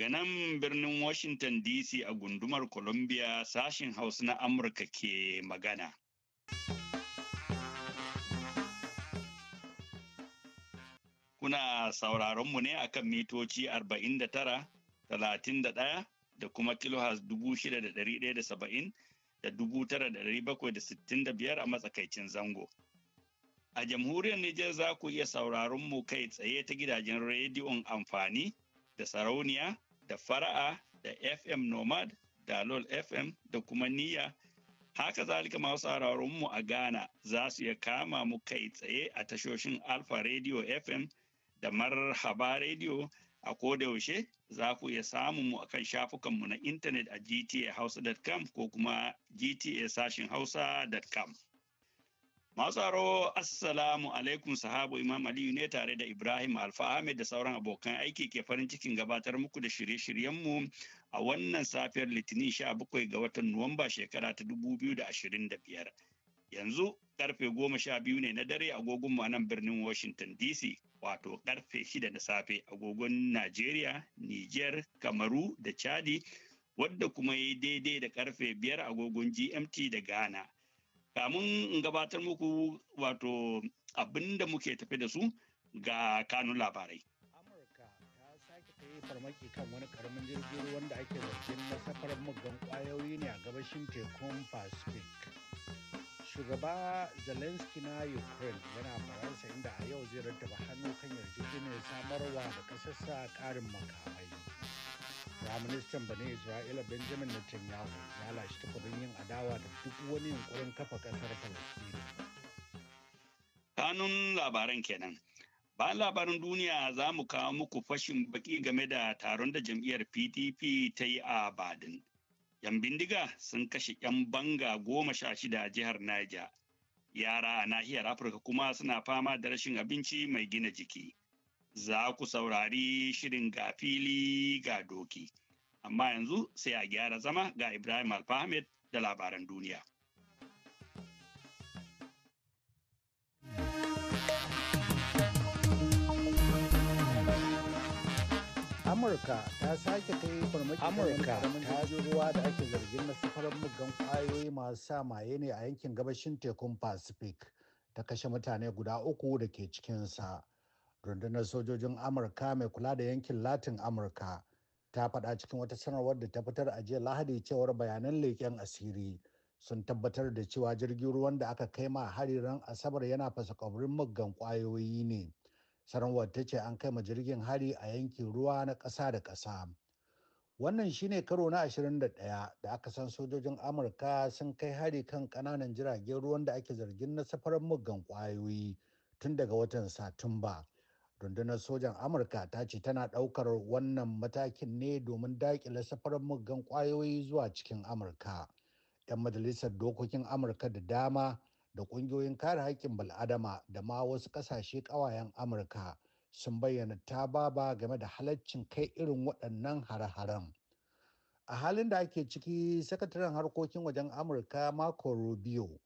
Daga nan birnin Washington DC a gundumar Columbia sashin Hausa na Amurka ke magana. Kuna sauraronmu ne akan mitoci 49, 31 da kuma kilohas 6,170 da 9,765 a matsakaicin zango. A jamhuriyar Nijar za ku iya sauraron mu kai tsaye ta gidajen rediyon amfani da sarauniya da fara'a da fm nomad da lol fm da kuma niyya haka zalika masu sauraron mu a ghana za su iya kama mu kai tsaye a tashoshin alfa radio fm da marhaba radio a kodayaushe za ku iya samun mu akan shafukanmu na intanet a gtahausa.com ko kuma gta sashin hausa.com Matsaro Assalamu alaikum sahabu Imam Aliyu ne tare da Ibrahim Alfa Ahmed da sauran abokan aiki ke farin cikin gabatar muku da shirye-shiryenmu a wannan safiyar Litinin 17 ga watan Nuwamba shekara ta 2025. Yanzu karfe goma sha biyu ne na dare agogon mu nan birnin Washington DC wato karfe shida na safe agogon Najeriya, Niger, Kamaru da Chadi wadda kuma yi daidai da karfe biyar agogon GMT da Ghana. kamun in gabatar muku wato abin da muke tafi da su ga kanun labarai. Amurka ta sake kai farmaki kan wani karamin jirgin ruwan da ake zargin na safarar muggan kwayoyi ne a gabashin tekun Pacific. Shugaba Zelensky na Ukraine yana Faransa inda a yau zai rattaba hannu kan yarjejeniyar samarwa da kasarsa karin makamai. Firaministan Bani Isra'ila Benjamin Netanyahu ya lashe takobin yin adawa da duk wani yunkurin kafa ƙasar Falasɗinu. Kanun labaran kenan. Bayan labaran duniya za mu kawo muku fashin baki game da taron da jam'iyyar PDP ta yi a Badin. Yan bindiga sun kashe 'yan banga goma sha shida a jihar Niger. Yara a nahiyar Afirka kuma suna fama da rashin abinci mai gina jiki. za ku saurari shirin ga fili ga doki. Amma yanzu sai a gyara zama ga Ibrahim Alfahamed da labaran duniya. Amurka ta sake kai farmaki Amurka ta ruwa da ake zargin na safarar muggan kwayoyi masu sa maye ne a yankin gabashin tekun Pacific ta kashe mutane guda uku da ke cikinsa. rundunar sojojin amurka mai kula da yankin latin amurka ta faɗa cikin wata sanarwar da ta fitar a jiya lahadi cewar bayanan leƙen asiri sun tabbatar da cewa jirgin ruwan da aka kai ma hariran asabar yana fasa kwabrin muggan kwayoyi ne sanarwar ta ce an kai ma jirgin hari a yankin ruwa na ƙasa da ƙasa wannan shine karo na 21 da aka san sojojin amurka sun kai hari kan ƙananan jiragen ruwan da ake zargin na safarar muggan kwayoyi tun daga watan satumba rundunar sojan amurka ta ce tana ɗaukar wannan matakin ne domin daƙile safarar muggan ƙwayoyi zuwa cikin amurka 'yan majalisar dokokin amurka da dama da ƙungiyoyin kare haƙƙin bal'adama da ma wasu ƙasashe ƙawayen amurka sun bayyana ta baba game da halaccin kai irin waɗannan hare-haren a halin da ake ciki sakataren harkokin wajen amurka marco rubio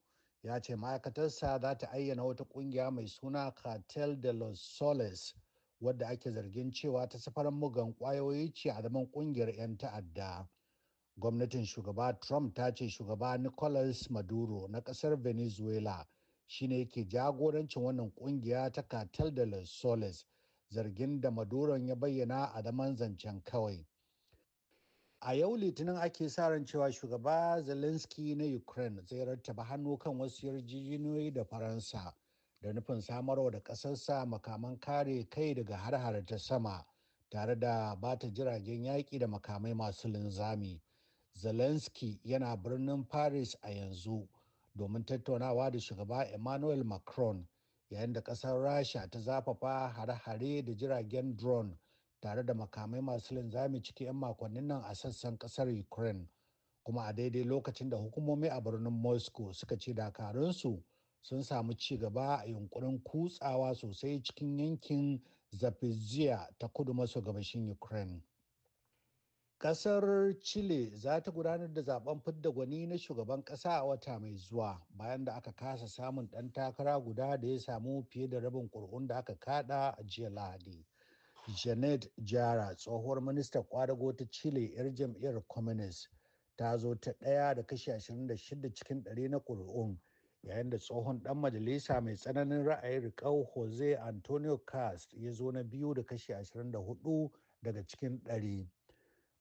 ya ce ma'aikatarsa za ta ayyana wata kungiya mai suna cartel de los soles wadda ake zargin cewa ta safar mugan kwayoyi ce a zaman kungiyar 'yan ta'adda gwamnatin shugaba trump ta ce shugaba nicolas maduro na kasar venezuela shine yake jagorancin wannan kungiya ta cartel de los soles zargin da maduron ya bayyana a zaman zancen kawai a yau litinin ake sa ran cewa shugaba zelensky na ukraine zai rattaba hannu kan wasu yarjejeniyoyi da faransa da nufin samarwa da ƙasarsa makaman kare kai daga har ta sama tare da bata jiragen yaƙi da makamai masu linzami zelensky yana birnin paris a yanzu domin tattaunawa da shugaba emmanuel macron yayin da ƙasar rasha ta zafafa hare-hare da jiragen drone tare da makamai masu linzami ciki 'yan makonnin nan a sassan kasar ukraine kuma a daidai lokacin da hukumomi a birnin moscow suka ce dakarunsu sun samu ci gaba a yunkurin kutsawa sosai cikin yankin zafizia ta kudu maso gabashin ukraine kasar chile za ta gudanar da zaben fidda gwani na shugaban kasa a wata mai zuwa bayan da aka kasa samun ɗan takara guda da ya samu fiye da rabin ƙuri'un da aka kada a jiya lahadi janet jara tsohuwar ministan kwadago ta chile 'yar jam'iyyar communist ta zo ta ɗaya da kashi 26 cikin ɗari na ƙuri'un yayin da tsohon ɗan majalisa mai tsananin ra'ayin riƙau jose antonio cast ya zo na biyu da kashi 24 daga cikin ɗari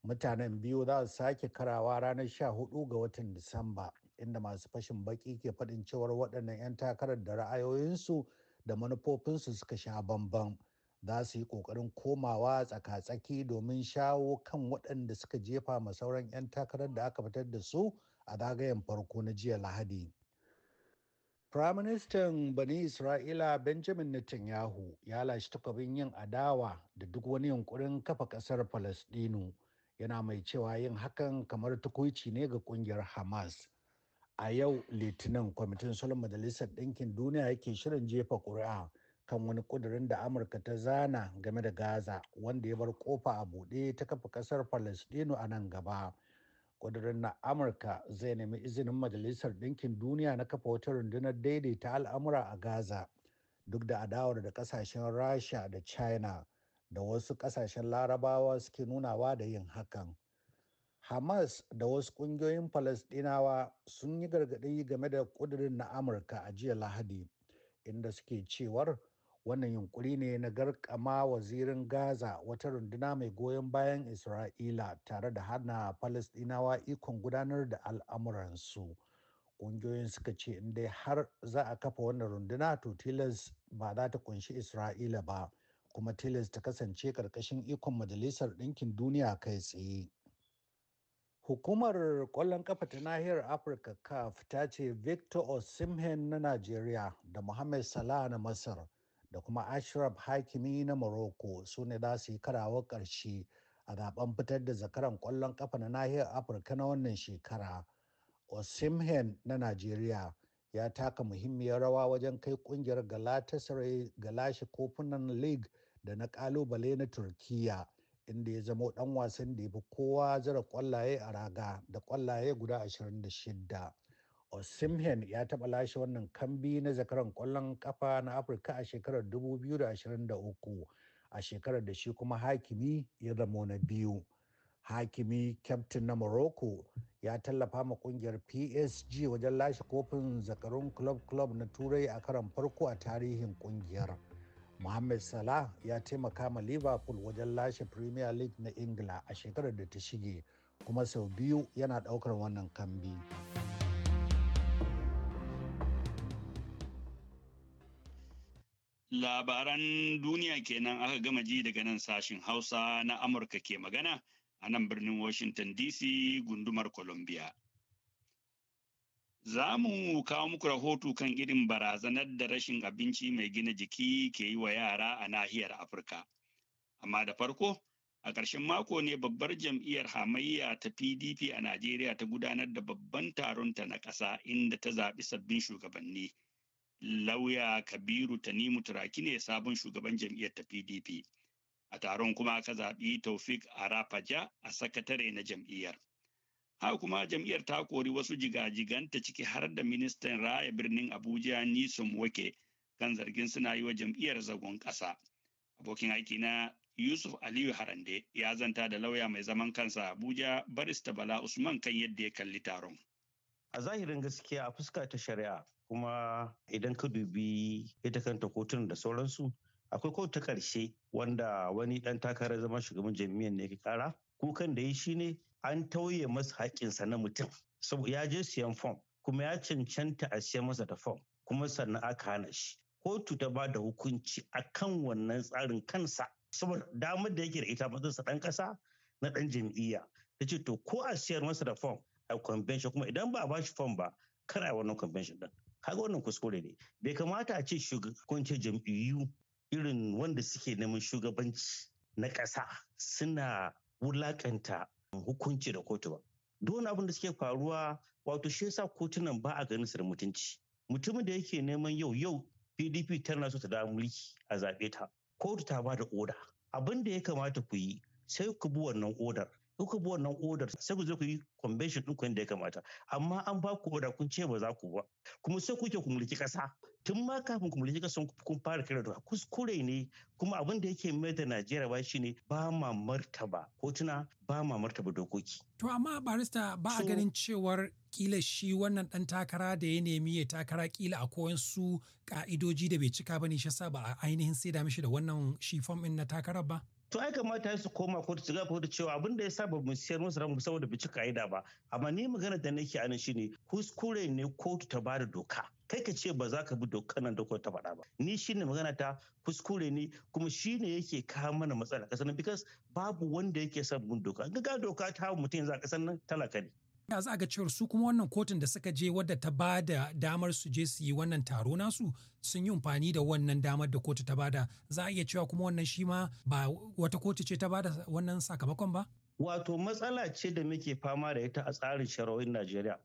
mutanen biyu za su sake karawa ranar 14 ga watan disamba inda masu fashin baki ke faɗin cewar waɗannan 'yan takarar da ra'ayoyinsu da manufofinsu suka sha bambam. za su yi ƙoƙarin komawa tsaka-tsaki domin shawo kan waɗanda suka jefa ma sauran 'yan takarar da aka fitar da su a zagayen farko na jiya lahadi. Firaministan Bani Isra'ila Benjamin Netanyahu ya lashe takobin yin adawa da duk wani yunkurin kafa ƙasar Falasɗinu yana mai cewa yin hakan kamar tukuici ne ga ƙungiyar Hamas. A yau Litinin Kwamitin Sulhun Majalisar Ɗinkin Duniya yake shirin jefa ƙuri'a. kan wani kudirin da amurka ta zana game da gaza wanda ya bar kofa a buɗe ta kafa ƙasar palestino a nan gaba kudirin na amurka zai nemi izinin majalisar ɗinkin duniya na kafa wata rundunar daidaita al'amura a gaza duk da adawar da ƙasashen rasha da china da wasu ƙasashen larabawa suke nunawa da yin hakan hamas da wasu ƙungiyoyin Falasɗinawa sun yi gargaɗi game da ƙudirin na amurka a jiya lahadi inda suke cewar wannan yunkuri ne na garkama wazirin gaza wata runduna mai goyon bayan isra'ila tare da hana Falasɗinawa ikon gudanar da al'amuransu ƙungiyoyin suka ce in dai har za a kafa wannan runduna to tilas ba za ta kunshi isra'ila ba kuma tilas ta kasance ƙarƙashin ikon majalisar ɗinkin duniya kai tsaye Hukumar ƙwallon kafa ta nahiyar Afirka CAF ta ce Victor Osimhen na Najeriya da Mohamed Salah na Masar da kuma ashraf hakimi na morocco su ne za su yi karawar ƙarshe a zaben fitar da zakaran ƙwallon ƙafa na nahiyar afirka na wannan shekara osimhen na najeriya ya taka muhimmiyar rawa wajen kai kungiyar galatasaray galashi kofunan league da na kalubale na Turkiyya, inda ya zamo dan wasan da ya fi kowa zira kwallaye a raga da kwallaye guda 26 osimhen ya taɓa lashe wannan kambi na zakaran kwallon ƙafa na afirka a shekarar 2023 a shekarar da shi kuma hakimi ya zamo na biyu hakimi kyaftin na morocco ya tallafa ma kungiyar psg wajen lashe kofin zakarun club club na turai a karon farko a tarihin ƙungiyar mohamed salah ya taimaka ma liverpool wajen lashe premier league na ingila a shekarar da ta shige kuma sau biyu yana ɗaukar wannan kambi. Labaran duniya kenan aka gama ji daga nan sashin Hausa na Amurka ke magana a nan birnin Washington DC gundumar Columbia. Za mu kawo muku rahoto kan irin barazanar da rashin abinci mai gina jiki ke yi wa yara a nahiyar Afirka. Amma da farko, a ƙarshen mako ne babbar jam'iyyar hamayya ta PDP a Najeriya ta gudanar da babban taronta na ƙasa inda ta zaɓi sabbin shugabanni. lauya kabiru tanimu turaki ne sabon shugaban jam'iyyar ta pdp a taron kuma aka zaɓi taufik arafaja a sakatare na jam'iyyar haka kuma jam'iyyar ta kori wasu jigajiganta ciki har da ministan raya birnin abuja nisan wake kan zargin suna yi wa jam'iyyar zagon ƙasa abokin aiki na yusuf aliyu harande ya zanta da lauya mai zaman kansa abuja barista bala usman kan yadda ya kalli taron a zahirin gaskiya a fuska ta shari'a kuma idan ka dubi ita kanta kotun da sauransu akwai kotu ta ƙarshe wanda wani ɗan takarar zama shugaban jami'an ne ya kara kukan da ya shi ne an tauye masa haƙƙinsa na mutum saboda ya je siyan fom kuma ya cancanta a siyan masa da fom kuma sannan aka hana shi kotu ta ba da hukunci akan wannan tsarin kansa saboda damar da yake da ita matsayinsa ɗan ƙasa na ɗan jam'iyya ta ce to ko a siyar masa da fom a convention kuma idan ba a ba shi fom ba kar a wannan convention ɗin kaga wannan kuskure ne bai kamata a ce shugabancin jam'iyyu irin wanda suke neman shugabanci na ƙasa suna wulaƙanta hukunci da kotu ba don abin da suke faruwa wato shi yasa kotunan ba a ganin su da mutunci mutumin da yake neman yau yau pdp tana so ta da mulki a zaɓe ta kotu ta bada oda abin ya kamata ku yi sai ku bi wannan odar kuka bi wannan odar sai ku zo ku yi convention ɗin ku da ya kamata amma an ba ku oda kun ce ba za ku ba kuma sai kuke ku mulki ƙasa tun ma kafin ku mulki ƙasa kun fara kira da kuskure ne kuma abin da yake mai da Najeriya ba shine ba ma martaba kotuna ba ma martaba dokoki to amma barista ba a ganin cewar kila shi wannan dan takara da ya nemi ya takara kila a koyan su ka'idoji da bai cika ne shi yasa ba a ainihin sai da mishi da wannan shi fom din na takarar ba to ai kamata su koma ko su gafa da cewa abin da ya sa babu siyar musu ramu saboda bi cika ka'ida ba amma ni magana da nake anan shine kuskure ne kotu ta bada doka kai ka ce ba za ka bi dokar nan da ta faɗa ba ni shine magana ta kuskure ne kuma shine yake kawo mana matsala kasan bikas because babu wanda yake son mun doka ga doka ta mutum yanzu a kasan nan talaka ne ya za ga cewar su kuma wannan kotun da suka je wadda ta ba da damar su je su yi wannan taro nasu sun yi amfani da wannan damar da kotu ta bada za a iya cewa kuma wannan shi ma ba wata kotu ce ta bada wannan sakamakon ba Wato matsala ce da muke fama da ita a tsarin shari'o'in Najeriya.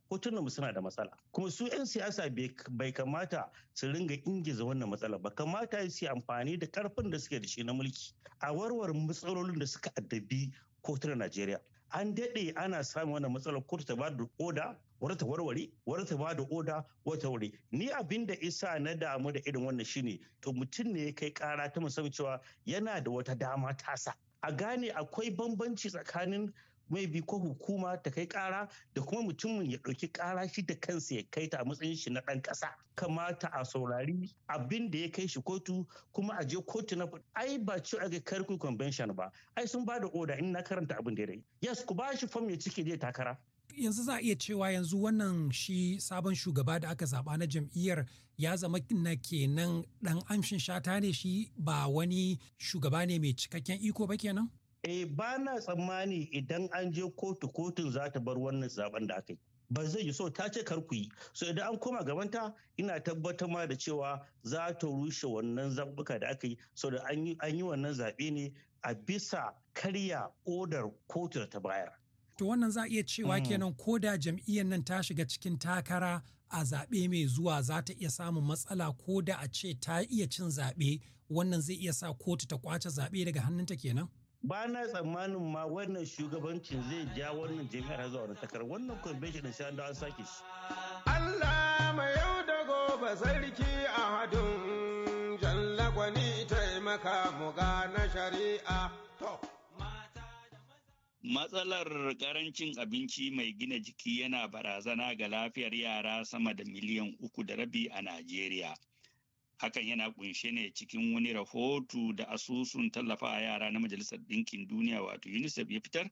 mu suna da matsala. Kuma su 'yan siyasa bai kamata su ringa ingiza wannan matsala ba. Kamata su yi amfani da karfin da suke da shi na mulki a warware matsalolin da suka addabi kotunan Najeriya. an daɗe ana samun wannan matsalar ko ta bada oda wata ta warware wata ta bada oda wata ta ware. ni abin da isa na damu da irin wannan shine to mutum ne ya kai kara ta musamman cewa yana da wata dama tasa a gane akwai bambanci tsakanin maybe ko hukuma ta kai ƙara da kuma mutumin ya ɗauki kara shi da kansa ya kai ta a matsayin shi na ɗan ƙasa kamata a saurari abin da ya kai shi kotu kuma a je kotu na ai ba ci a ga karku convention ba ai sun ba da oda in na karanta abin da ya yes ku ba shi fam ya cike zai takara yanzu za a iya cewa yanzu wannan shi sabon shugaba da aka zaba na jam'iyyar ya zama na kenan dan amshin shata ne shi ba wani shugaba ne mai cikakken iko ba kenan eh ba na tsammani idan an je kotu kotun za ta bar wannan zaben da aka yi ba zai yi so ta ce kar ku yi so idan an koma gabanta ina tabbatar ma da cewa za ta rushe wannan zabuka da aka yi so da an yi wannan zaɓe ne a bisa karya odar kotu da ta bayar to wannan za a iya cewa hmm. kenan ko da jam'iyyar nan ta shiga cikin takara a zaɓe mai zuwa za ta iya samun matsala ko da a ce ta iya cin zaɓe wannan zai iya sa kotu ta kwace zaɓe daga hannunta kenan ba na tsammanin ma wannan shugabancin zai ja wannan jami'ar zuwa wani takar wannan convention da sai an sake shi Allah mai yau da gobe sarki a hadin jalla gwani taimaka mu na shari'a to Matsalar karancin abinci mai gina jiki yana barazana ga lafiyar yara sama da miliyan uku da rabi a Najeriya. hakan yana kunshe ne cikin wani rahoto da asusun tallafa a yara na majalisar ɗinkin duniya wato unicef ya fitar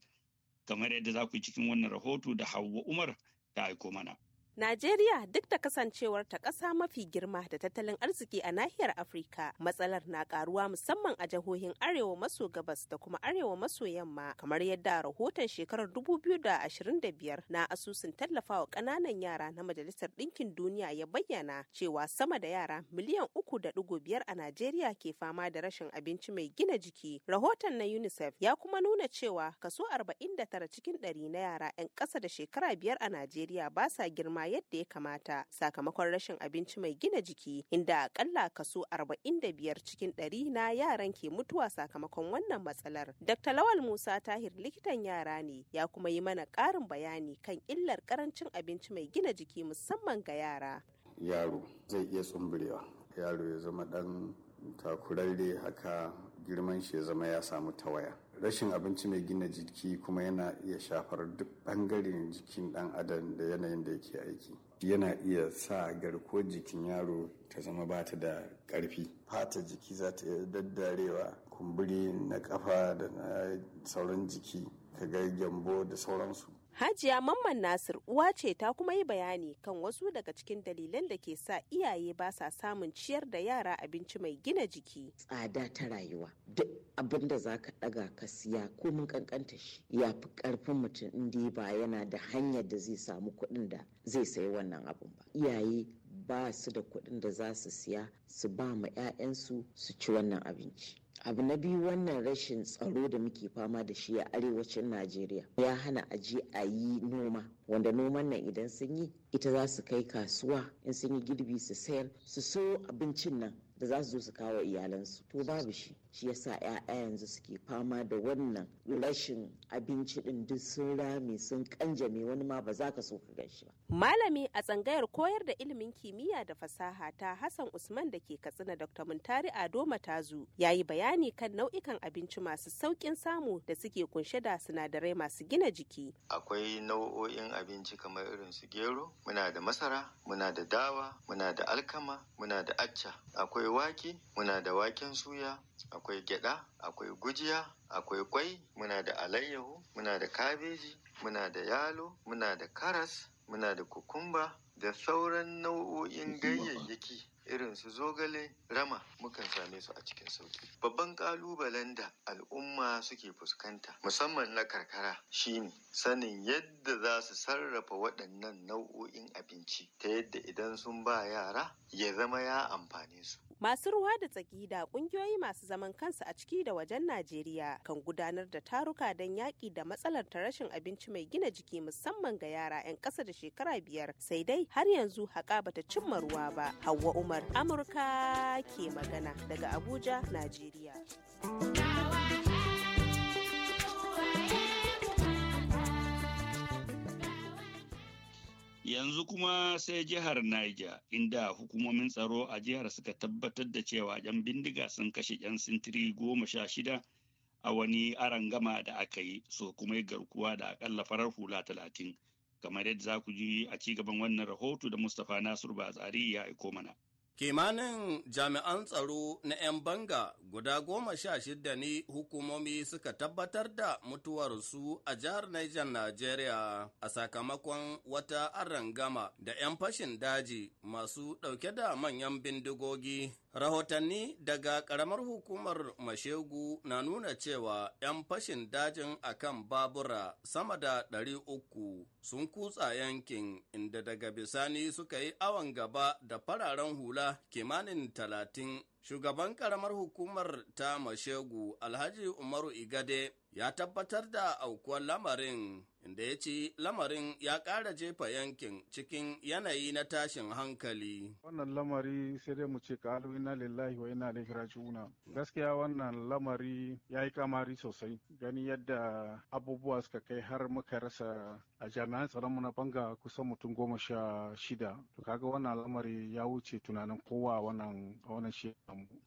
kamar yadda za ku yi cikin wannan rahoto da hawa umar ta aiko mana Najeriya duk da kasancewar ta ƙasa mafi girma da tattalin arziki a nahiyar Afirka, matsalar na ƙaruwa musamman a jihohin Arewa maso gabas da kuma Arewa maso yamma, kamar yadda rahoton shekarar 2025 na asusun tallafawa ƙananan yara na Majalisar Ɗinkin Duniya ya bayyana cewa sama da yara miliyan uku da biyar a Najeriya ke fama da rashin abinci mai gina jiki. Rahoton na UNICEF ya kuma nuna cewa kaso 49 cikin ɗari na yara 'yan ƙasa da shekara biyar a Najeriya ba sa girma yadda ya kamata sakamakon rashin abinci mai gina jiki inda akalla kaso 45 cikin 100 na yaran ke mutuwa sakamakon wannan matsalar. Dr. Lawal Musa Tahir likitan yara ne ya kuma yi mana ƙarin bayani kan illar karancin abinci mai gina jiki musamman ga yara. Yaro zai iya tsumburewa, yaro ya zama ɗan takurarre haka girman shi ya zama ya samu tawaya. rashin abinci mai gina jiki kuma yana iya shafar duk ɓangaren jikin ɗan adam da yanayin da yake aiki yana iya sa garko jikin yaro ta zama ba ta da ƙarfi fata jiki za ta iya daddarewa kumburi na ƙafa da na sauran jiki ka ga gyambo da sauransu Hajiya Mamman Nasir uwa ce ta kuma yi bayani kan wasu daga cikin dalilan da ke sa iyaye ba sa samun ciyar da yara abinci mai gina jiki. Tsada ta rayuwa. Duk abin da za ka ɗaga ka siya ko mun kankanta shi ya fi ƙarfin mutum inda ba yana da hanyar da zai samu kuɗin da zai sayi wannan abin ba. Iyaye ba su da kuɗin da za su siya su ba ma 'ya'yansu su ci wannan abinci. abu na biyu wannan rashin tsaro da muke fama da shi a arewacin najeriya ya hana aji a yi noma wanda noman nan idan sun yi ita za su kai kasuwa in sun yi girbi su sayar su so abincin nan da za su zo su kawo iyalansu to babu shi shi yasa 'ya'ya yanzu suke fama da wannan rashin abinci ɗin duk sun rame sun kanjame wani ma ba za ka so ka gan ba malami a tsangayar koyar da ilimin kimiyya da fasaha ta hassan usman da ke katsina dr muntari ado matazu ya yi bayani kan nau'ikan abinci masu sauƙin samu da suke kunshe da sinadarai masu gina jiki akwai nau'o'in abinci kamar irin su gero muna da masara muna da dawa muna da alkama muna da acca akwai wake muna da waken suya akwai gyada akwai gujiya akwai kwai muna da alayyahu muna da kabeji muna da yalo muna da karas muna da kukumba da sauran nau'o'in ganyayyaki irin su zogale rama mukan same su a cikin sauki babban kalubalen da al'umma suke fuskanta musamman na karkara shine sanin yadda za su sarrafa waɗannan nau'o'in abinci ta yadda idan sun ba yara ya zama ya amfane su masu ruwa da tsaki da ƙungiyoyi masu zaman kansu a ciki da wajen najeriya kan gudanar da taruka don yaƙi da matsalar ta rashin abinci mai gina jiki musamman ga yara 'yan ƙasa da shekara biyar sai dai har yanzu haƙa bata cimma ruwa ba hawa umar Muhammad Amurka ke magana daga Abuja, Najeriya. Yanzu kuma sai jihar Niger, inda hukumomin tsaro a jihar suka tabbatar da cewa 'yan bindiga sun kashe 'yan sintiri goma sha shida a wani gama da aka yi, so kuma garkuwa da akalla farar hula talatin. kamar yadda za ku ji a ci gaban wannan rahoto da Mustapha Nasiru Batsari ya aiko mana. Kimanin jami'an tsaro na 'yan banga guda goma sha shida ne hukumomi suka tabbatar da mutuwarsu a jihar Niger Nigeria a sakamakon wata arangama da 'yan fashin daji masu ɗauke da manyan bindigogi Rahotanni daga ƙaramar hukumar Mashegu na nuna cewa ‘yan fashin dajin a kan babura sama da ɗari uku sun kutsa yankin inda daga bisani suka yi awon gaba da fararen hula kimanin talatin. Shugaban ƙaramar hukumar ta Mashegu Alhaji Umaru Igade ya tabbatar da aukuwar lamarin, inda ya ce lamarin ya ƙara jefa yankin cikin yanayi na tashin hankali. Wannan lamari sai dai mu ce kalu ina lillahi wa ina ilaihi raji'una. Gaskiya wannan lamari ya yi kamari sosai, gani yadda abubuwa suka kai har muka rasa a jami'an tsaron mu na banga kusan mutum goma sha shida. To kaga wannan lamari ya wuce tunanin kowa wannan wannan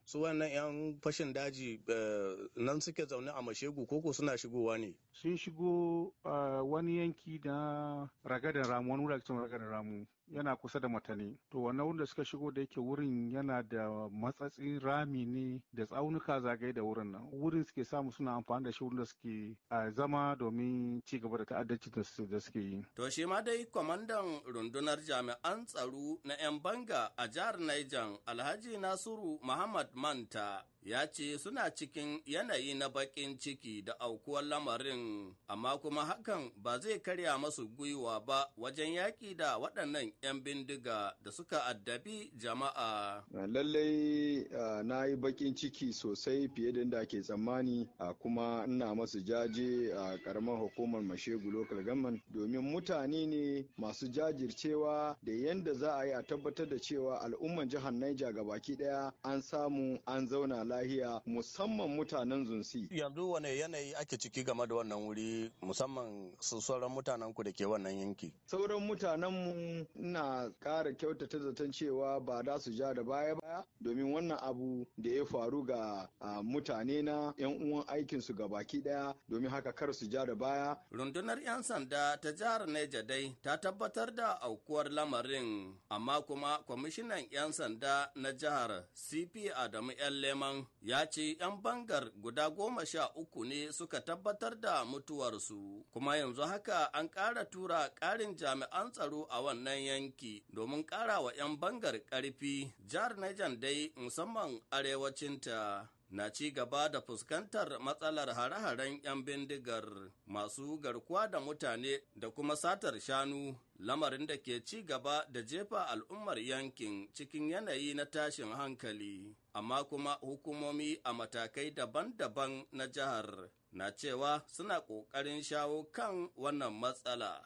Su wannan 'yan fashin daji eh, nan suke zaune a Mashegu ko suna shigowa ne sun shigo ah, wani yanki da ragadan ramu wani ragadan ramu yana kusa da matani to wannan wurin da suka shigo da yake wurin yana da matsatsin rami ne da tsaunuka zagaye da wurin nan wurin suke samu suna amfani da shi wurin da suke zama domin ci gaba da ta'addanci da suke yi to shi ma dai kwamandan rundunar jami'an tsaro na 'yan banga a jihar Niger Alhaji Nasiru Muhammad Manta ya ce suna cikin yanayi na baƙin ciki da aukuwar lamarin amma kuma hakan ba zai karya masu gwiwa ba wajen yaƙi da waɗannan 'yan bindiga da suka addabi jama'a. Eh, lallai eh, na yi bakin ciki sosai fiye da inda ke tsammani a kuma ina masu jaje a karamar hukumar Mashegu Local Government domin mutane ne masu jajircewa da yadda za a yi a tabbatar da cewa al'ummar jihar Naija baki daya an samu an zauna lahiya musamman mutanen zunsi. Yanzu wane yanayi ake ciki game da wannan wuri musamman sauran mutanen ku da ke wannan yanki. Sauran mutanen mu ina ƙara kyautata zaton cewa ba za su ja da baya baya domin wannan abu da ya faru ga mutane na 'yan uwan aikin su baki daya domin haka kar su ja da baya. Rundunar 'yan sanda ta jihar Neja dai ta tabbatar da aukuwar lamarin amma kuma kwamishinan 'yan sanda na jihar CP Adamu 'yan Leman ya ce 'yan bangar guda goma sha uku ne suka tabbatar da mutuwarsu kuma yanzu haka an ƙara tura ƙarin jami'an tsaro a wannan yankin. yanki domin ƙara wa 'yan bangar ƙarfi jihar Niger dai musamman arewacinta na ci gaba da fuskantar matsalar hare-haren 'yan bindigar masu garkuwa da mutane da kuma satar shanu lamarin da ke ci gaba da jefa al'ummar yankin cikin yanayi na tashin hankali amma kuma hukumomi a matakai daban-daban na jihar na cewa suna ƙoƙarin shawo kan wannan matsala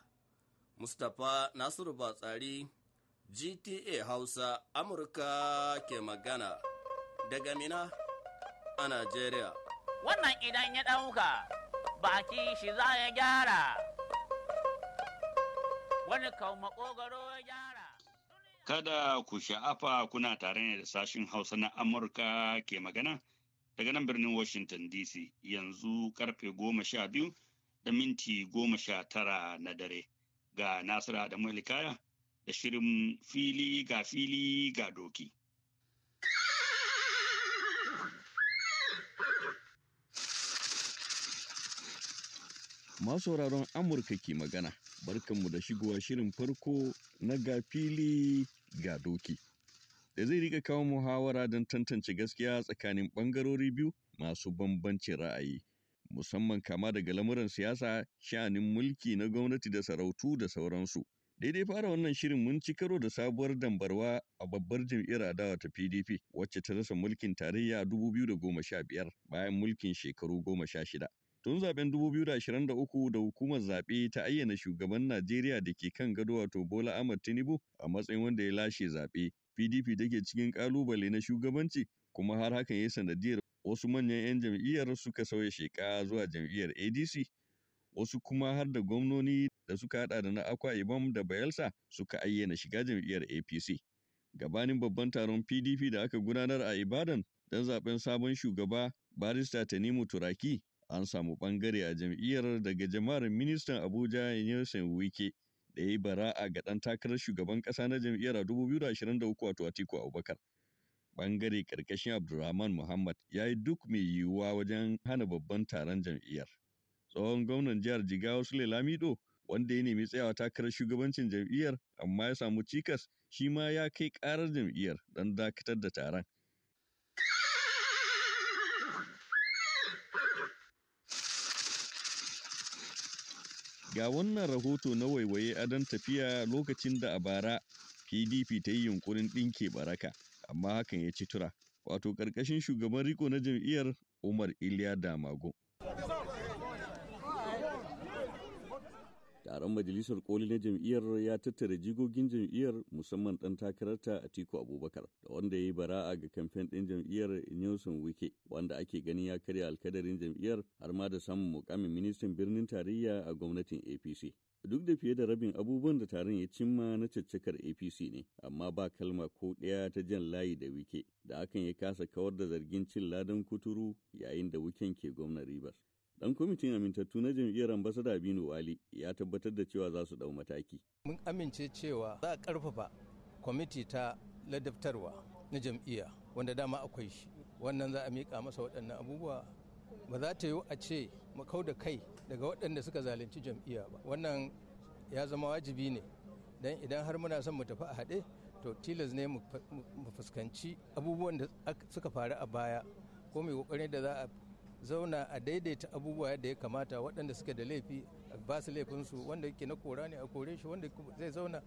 Mustapha Nasiru Batsari GTA Hausa Amurka ke magana daga Mina a Najeriya. Wannan idan ya ɗauka baki shi za ya gyara, wani kawo makogaro ya gyara. Kada ku sha'afa kuna tare ne da sashin Hausa na Amurka ke magana daga nan birnin Washington DC yanzu karfe goma sha biyu da minti goma sha tara na dare. ga Nasira da Malikaya da shirin fili ga fili ga doki. Masu sauraron Amurka ke magana, barkanmu da shigowa shirin farko na ga fili ga doki. Da zai rika kawo muhawara don tantance gaskiya tsakanin ɓangarori biyu masu bambancin ra'ayi. musamman kama daga lamuran siyasa, sha'anin mulki na gwamnati da sarautu da sauransu. Daidai fara wannan shirin mun ci karo da sabuwar dambarwa a babbar jam'iyyar adawa ta PDP wacce ta rasa mulkin tarayya a 2015 bayan mulkin shekaru 16. Tun zaben 2023 da hukumar zaɓe ta ayyana shugaban Najeriya da ke kan gado wato Bola Ahmad Tinubu a matsayin wanda ya lashe zaɓe. PDP take cikin ƙalubale na shugabanci kuma har hakan ya yi sanadiyar wasu manyan 'yan jam'iyyar suka sauya sheƙa zuwa jam'iyyar ADC wasu kuma har da gwamnoni da suka haɗa da na Akwa Ibom da Bayelsa suka ayyana shiga jam'iyyar APC. Gabanin babban taron PDP da aka gudanar a Ibadan don zaɓen sabon shugaba barista Tanimu Turaki an samu ɓangare a jam'iyyar daga jama'ar ministan Abuja Nelson Wike da ya yi bara'a ga ɗan takarar shugaban ƙasa na jam'iyyar a 2023 wato Atiku Abubakar. bangare karkashin Abdulrahman Muhammad ya yi duk mai yiwuwa wajen hana babban taron jam'iyyar. Tsohon gwamnan jihar Jigawa Sule Lamido wanda ya nemi tsayawa takarar shugabancin jam'iyyar amma ya samu cikas shi ma ya kai karar jam'iyyar don dakatar da taron. Ga wannan rahoto na waiwaye adon tafiya lokacin da a bara PDP ta yi yunkurin ɗinke baraka. amma hakan ya ci tura wato ƙarƙashin shugaban riko na jam'iyyar umar iliya damago taron majalisar koli na jam'iyyar ya tattara jigogin jam'iyyar musamman ɗan takararta a tiku abubakar da wanda ya yi bara'a ga kamfen ɗin jam'iyyar nelson wike wanda ake ganin ya karya alkadarin jam'iyyar har ma da samun mukamin ministan birnin tarayya a gwamnatin apc duk da fiye da rabin abubuwan da taron ya cimma na caccakar apc ne amma ba kalma ko ɗaya ta jan layi da wike da hakan ya kasa kawar da zargin cin ladan kuturu yayin da wiken ke gwamnan ribas dan kwamitin amintattu na jam'iyyar ambasada binu wali ya tabbatar da cewa za su ɗau mataki mun amince cewa za a ƙarfafa kwamiti ta ladabtarwa na jam'iyya wanda dama akwai shi wannan za a miƙa masa waɗannan abubuwa ba za ta yiwu a ce mu kau da kai daga waɗanda suka zalunci jam'iyya ba wannan ya zama wajibi ne don idan har muna son mu tafi a haɗe to tilas ne mu fuskanci abubuwan da suka faru a baya ko mai kokarin da za a zauna a daidaita abubuwa yadda ya kamata waɗanda suke da laifi ba su laifinsu wanda yake na kora ne a kore shi wanda zai zauna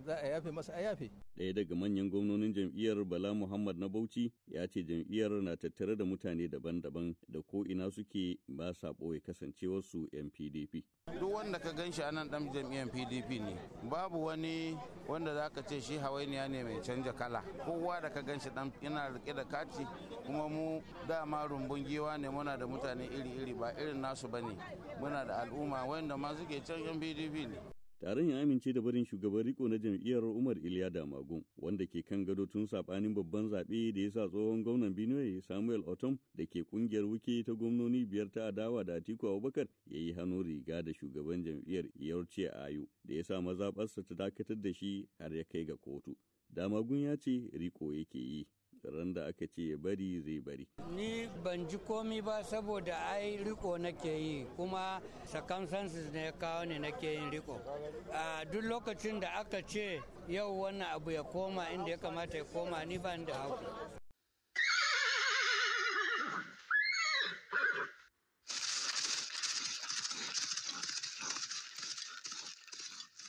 za yafe masa a yafe. Ɗaya daga manyan gwamnonin jam'iyyar Bala Muhammad na Bauchi ya ce jam'iyyar na tattare da mutane daban-daban da ko ina suke ba sa ɓoye kasancewarsu 'yan PDP. Duk wanda ka gan shi anan ɗan jam'iyyar PDP ne, babu wani wanda za ka ce shi hawainiya ne mai canja kala. Kowa da ka gan shi ɗan yana rike da kati kuma mu dama rumbun giwa ne muna da mutane iri-iri ba irin nasu ba ne. Muna da al'umma wanda ma suke can 'yan PDP ne. Taron ya amince da barin shugaban riko na jam'iyyar Umar Iliya Damagun wanda ke kan gado tun sabanin babban zaɓe da ya sa tsohon gwamnan Benue Samuel Otom da ke kungiyar wuke ta gwamnoni biyar ta adawa da Atiku Abubakar ya yi hannu riga da shugaban jam'iyyar a Ayu da ya sa mazaɓarsa ta dakatar da shi har ya kai ga kotu. Damagun ya ce riko yake yi. ran da aka ce ya bari zai bari. Ni ban ji komi ba saboda ai riko nake yi kuma circumstances ne ya kawo ne nake yin riko. A duk lokacin da aka ce yau wannan abu ya koma inda ya kamata ya koma ni ban da haku.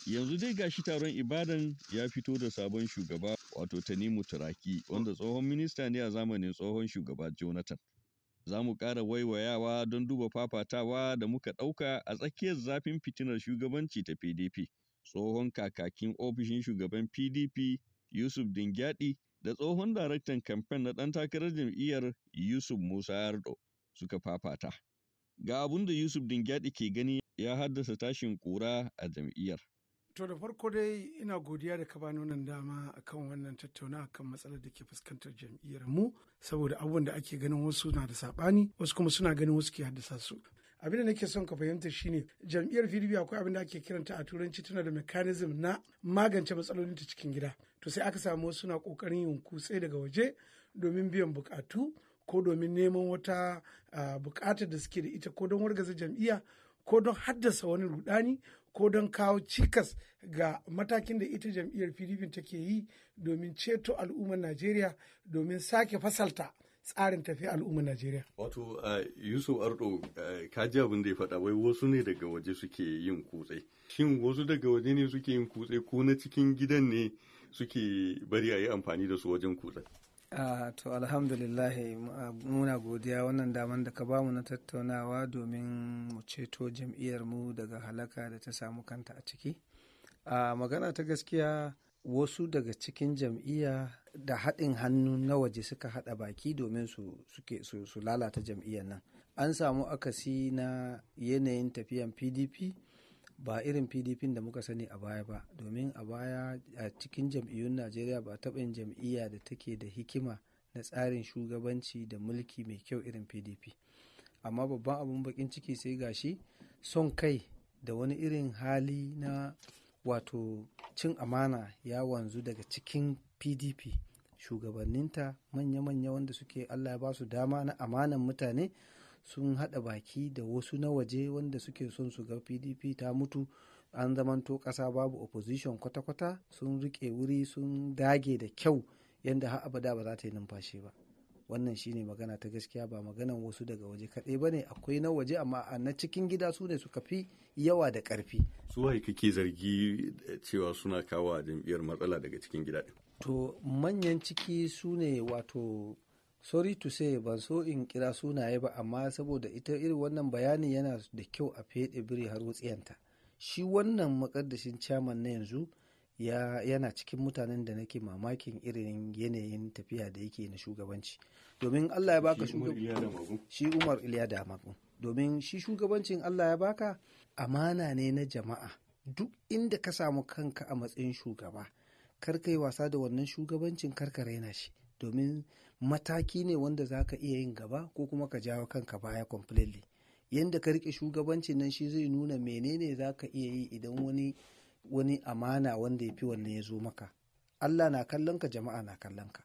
yanzu dai gashi taron ibadan ya fito da sabon shugaba wato tanimu turaki wanda tsohon minista ne a zamanin tsohon shugaba jonathan za mu ƙara waiwayawa don duba fafatawa da muka ɗauka a tsakiyar zafin fitinar shugabanci ta pdp tsohon kakakin ofishin shugaban pdp yusuf dingyadi da tsohon daraktan kamfen na ɗan takarar jam'iyyar yusuf musa yardo suka fafata ga abun da yusuf dingyadi ke gani ya haddasa tashin ƙura a jam'iyyar To da farko dai ina godiya da ka bani wannan dama akan wannan tattauna kan matsalar da ke fuskantar jam'iyyar mu saboda abubuwan da ake ganin wasu na da saɓani wasu kuma suna ganin wasu ke haddasa su. Abin da nake son ka fahimta shine jam'iyyar PDP akwai abin da ake kiranta a turanci tana da mechanism na magance matsalolin ta cikin gida. To sai aka samu wasu na kokarin yin kutse daga waje domin biyan bukatu ko domin neman wata ah, bukatar da suke da ita ko don wargaza jam'iyya ko don haddasa wani rudani ko don kawo cikas ga matakin da ita jam'iyyar pdp take yi domin ceto al'ummar najeriya domin sake fasalta tsarin tafiya al'ummar Najeriya. Wato uh, Yusuf Ardo uh, ka ji abin da ya faɗa wai wasu ne daga waje suke yin kutse. Shin wasu daga waje ne suke yin kutse ko na cikin gidan ne suke bari a yi amfani da su wajen kutse? Ah, to alhamdulillah muna godiya wannan daman da ka bamu na tattaunawa domin mu ceto jam'iyyar mu daga halaka da ta samu kanta a ciki a ah, magana ta gaskiya wasu daga cikin jam'iyya da haɗin hannu na waje suka haɗa baki domin su su lalata jam'iyyar nan an samu akasi na yanayin tafiyan pdp ba irin pdp da muka sani a baya ba domin a baya a cikin jam'iyyun najeriya ba taɓa yin jam'iyya da take da hikima na tsarin shugabanci da mulki mai kyau irin pdp amma babban abun bakin ciki sai gashi son kai da wani irin hali na wato cin amana ya wanzu daga cikin pdp shugabanninta manya-manya wanda suke allah ya ba su dama na amanan mutane sun haɗa baki da wasu na waje wanda suke son su ga pdp ta mutu an zamanto ƙasa babu opposition kwata-kwata sun rike wuri sun dage da kyau yadda har abada ba za ta yi numfashi ba wannan shine magana ta gaskiya ba maganan wasu daga waje kaɗai ba ne akwai na waje amma a na cikin gida su ne suka fi yawa da ƙarfi su waye kake zargi cewa suna kawo jam'iyyar matsala daga cikin gida to manyan ciki su ne wato sorry to say ban so in kira sunaye ba amma saboda ita irin wannan bayani yana da kyau a fede biri har wutsiyanta shi wannan makaddashin chairman na yanzu ya yana cikin mutanen da nake mamakin irin yanayin tafiya da yake na shugabanci domin Allah ya baka shi Umar Iliya Magu domin shi shugabancin Allah ya baka amana ne na jama'a duk inda ka samu kanka a matsayin shugaba kar kai wasa da wannan shugabancin kar ka raina shi domin mataki ne wanda za ka iya yin gaba ko kuma ka jawo kanka baya completely yadda ka rike shugabancin nan shi zai nuna menene za ka iya yi idan wani wani amana wanda ya fi wannan ya zo maka Allah na kallon ka jama'a na kallon ka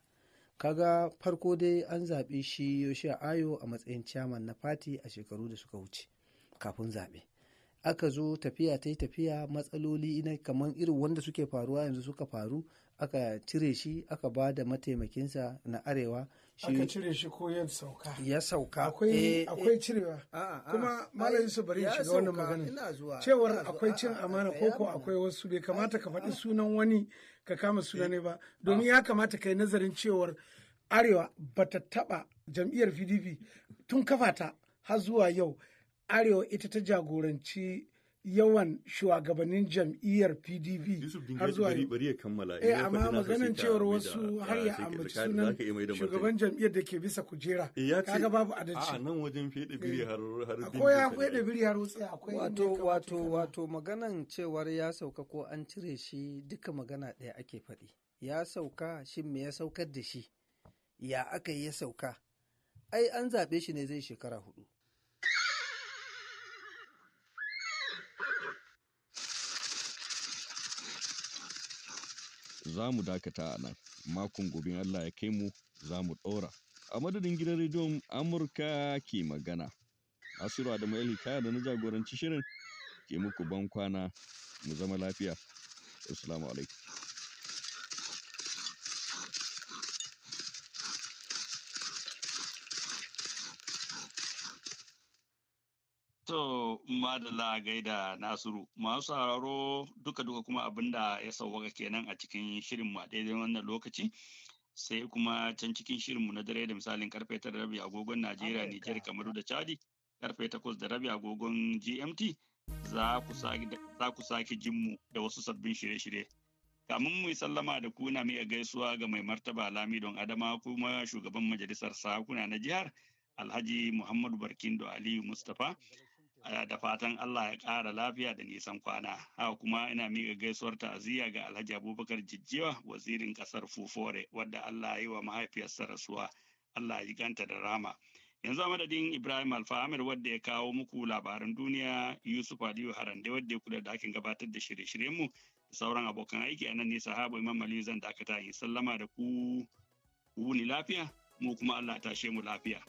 kaga farko dai an zaɓi shi Yoshi Ayo a matsayin chairman na fati a shekaru da suka wuce kafin zaɓe aka zo tafiya ta yi tafiya matsaloli na kamar irin wanda suke faruwa yanzu suka faru aka cire shi aka ba da mataimakinsa na arewa shi aka cire shi ko ya sauka ya sauka akwai eh, eh. akwai cirewa kuma malam Yusuf bari ya shiga wannan magana cewar akwai cin amana ko ko akwai wasu bai kamata ka faɗi sunan wani ka kama sunane eh, ba domin ya kamata kai nazarin cewar arewa bata taba jam'iyyar PDP tun kafata har zuwa yau arewa ita ta jagoranci yawan shugabannin jam'iyyar pdp har zuwa bari ya kammala eh amma maganan cewar wasu har ya ambaci sunan shugaban jam'iyyar da ke bisa kujera eh, kaga babu adalci a nan wajen fede biri eh, har har akwai ya fede biri har wutsi akwai wato wato wato maganan cewar ya sauka ko an cire shi duka magana ɗaya ake faɗi ya sauka shin me ya saukar da shi ya aka yi ya sauka ai an zaɓe shi ne zai shekara hudu za mu dakata a nan. Makon gobe Allah ya kai mu za mu ɗora. A madadin gidan rediyon Amurka ke magana. Nasiru Adamu eli kaya da na jagoranci shirin ke muku ban kwana mu zama lafiya. Assalamu alaikum. Madala gaida Nasiru, masu sauraro duka-duka kuma abinda ya sauwaka kenan a cikin shirin a daidai wannan lokaci, sai kuma can cikin shirinmu na dare da misalin karfe tara rabi agogon Najeriya, Nijar, Kamaru da Chadi, karfe takwas da rabi agogon GMT, za ku sake mu da wasu sabbin shirye-shirye. kamin mu sallama da kuna mai gaisuwa ga mai martaba lami don adama kuma shugaban majalisar sakuna na jihar alhaji muhammadu barkindo aliyu mustapha Eh, da fatan Allah ya ƙara lafiya da nisan kwana. Haka kuma ina miƙa gaisuwar ta'aziyya ga Alhaji Abubakar Jijjewa wazirin ƙasar Fufore wadda Allah ya yi wa mahaifiyarsa rasuwa. Allah ya ganta da rama. Yanzu a madadin Ibrahim Alfahamir wadda ya kawo muku labaran duniya Yusuf Aliyu Harande wadda ya kula da hakin gabatar da shirye-shiryenmu da sauran abokan aiki a nan ne sahaba Imam Aliyu zan dakata in sallama da ku wuni lafiya mu kuma Allah tashe mu lafiya.